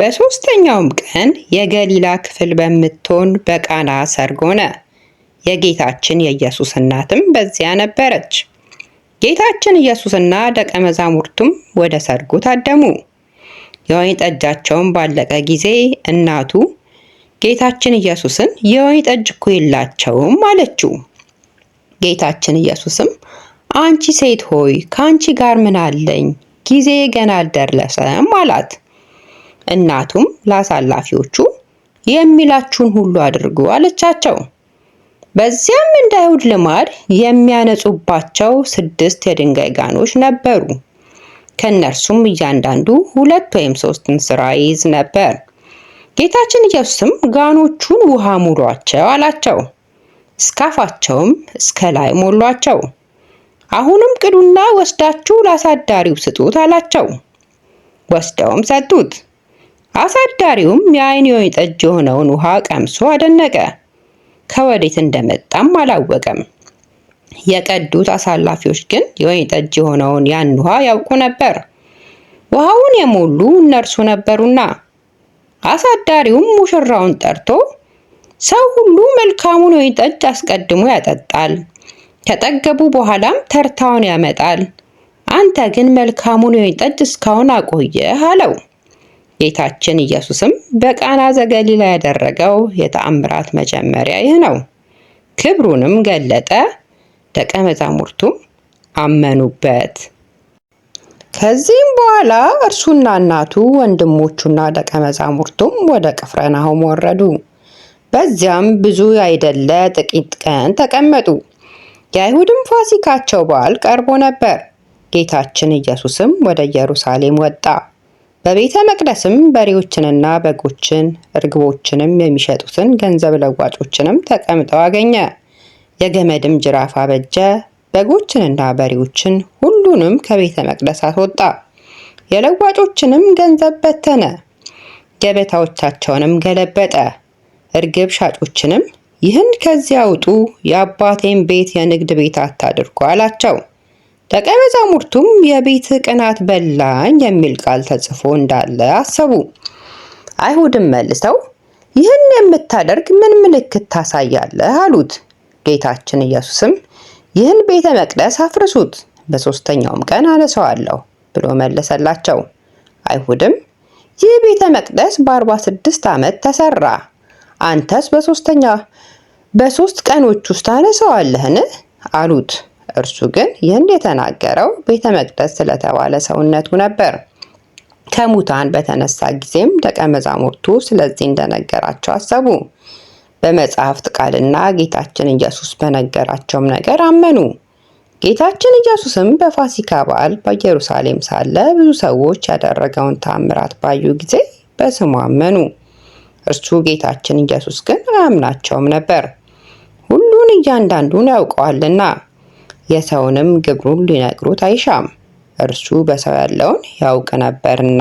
በሦስተኛውም ቀን የገሊላ ክፍል በምትሆን በቃና ሰርግ ሆነ። የጌታችን የኢየሱስ እናትም በዚያ ነበረች። ጌታችን ኢየሱስና ደቀ መዛሙርቱም ወደ ሰርጉ ታደሙ። የወይን ጠጃቸውን ባለቀ ጊዜ እናቱ ጌታችን ኢየሱስን የወይን ጠጅ እኮ የላቸውም አለችው። ጌታችን ኢየሱስም አንቺ ሴት ሆይ ከአንቺ ጋር ምን አለኝ? ጊዜ ገና አልደረሰም አላት። እናቱም ላሳላፊዎቹ የሚላችሁን ሁሉ አድርጉ አለቻቸው። በዚያም እንደ አይሁድ ልማድ የሚያነጹባቸው ስድስት የድንጋይ ጋኖች ነበሩ። ከእነርሱም እያንዳንዱ ሁለት ወይም ሶስት እንስራ ይይዝ ነበር። ጌታችን ኢየሱስም ጋኖቹን ውሃ ሙሏቸው አላቸው። እስካፋቸውም እስከ ላይ ሞሏቸው። አሁንም ቅዱና ወስዳችሁ ላሳዳሪው ስጡት አላቸው። ወስደውም ሰጡት። አሳዳሪውም የአይን ወይን ጠጅ የሆነውን ውሃ ቀምሶ አደነቀ። ከወዴት እንደመጣም አላወቀም። የቀዱት አሳላፊዎች ግን የወይን ጠጅ የሆነውን ያን ውሃ ያውቁ ነበር። ውሃውን የሞሉ እነርሱ ነበሩና። አሳዳሪውም ሙሽራውን ጠርቶ ሰው ሁሉ መልካሙን ወይን ጠጅ አስቀድሞ ያጠጣል፣ ከጠገቡ በኋላም ተርታውን ያመጣል። አንተ ግን መልካሙን ወይን ጠጅ እስካሁን አቆየህ አለው። ጌታችን ኢየሱስም በቃና ዘገሊላ ያደረገው የተአምራት መጀመሪያ ይህ ነው። ክብሩንም ገለጠ፣ ደቀ መዛሙርቱም አመኑበት። ከዚህም በኋላ እርሱና እናቱ ወንድሞቹና ደቀ መዛሙርቱም ወደ ቅፍረናሆም ወረዱ። በዚያም ብዙ ያይደለ ጥቂት ቀን ተቀመጡ። የአይሁድም ፋሲካቸው በዓል ቀርቦ ነበር። ጌታችን ኢየሱስም ወደ ኢየሩሳሌም ወጣ። በቤተ መቅደስም በሬዎችንና በጎችን እርግቦችንም የሚሸጡትን ገንዘብ ለዋጮችንም ተቀምጠው አገኘ። የገመድም ጅራፍ አበጀ። በጎችንና በሬዎችን ሁሉንም ከቤተ መቅደስ አስወጣ። የለዋጮችንም ገንዘብ በተነ፣ ገበታዎቻቸውንም ገለበጠ። እርግብ ሻጮችንም ይህን ከዚያ አውጡ፣ የአባቴን ቤት የንግድ ቤት አታድርጉ አላቸው። ደቀ መዛሙርቱም የቤት ቅናት በላኝ የሚል ቃል ተጽፎ እንዳለ አሰቡ። አይሁድም መልሰው ይህን የምታደርግ ምን ምልክት ታሳያለህ? አሉት። ጌታችን ኢየሱስም ይህን ቤተ መቅደስ አፍርሱት፣ በሦስተኛውም ቀን አነሳዋለሁ ብሎ መለሰላቸው። አይሁድም ይህ ቤተ መቅደስ በ ስድስት ዓመት ተሰራ፣ አንተስ በሦስተኛ በሦስት ቀኖች ውስጥ አነሳዋለህን? አሉት። እርሱ ግን ይህን የተናገረው ቤተ መቅደስ ስለተባለ ሰውነቱ ነበር። ከሙታን በተነሳ ጊዜም ደቀ መዛሙርቱ ስለዚህ እንደነገራቸው አሰቡ። በመጽሐፍት ቃልና ጌታችን ኢየሱስ በነገራቸውም ነገር አመኑ። ጌታችን ኢየሱስም በፋሲካ በዓል በኢየሩሳሌም ሳለ ብዙ ሰዎች ያደረገውን ታምራት ባዩ ጊዜ በስሙ አመኑ። እርሱ ጌታችን ኢየሱስ ግን አያምናቸውም ነበር፣ ሁሉን እያንዳንዱን ያውቀዋልና የሰውንም ግብሩን ሊነግሩት አይሻም፤ እርሱ በሰው ያለውን ያውቅ ነበርና።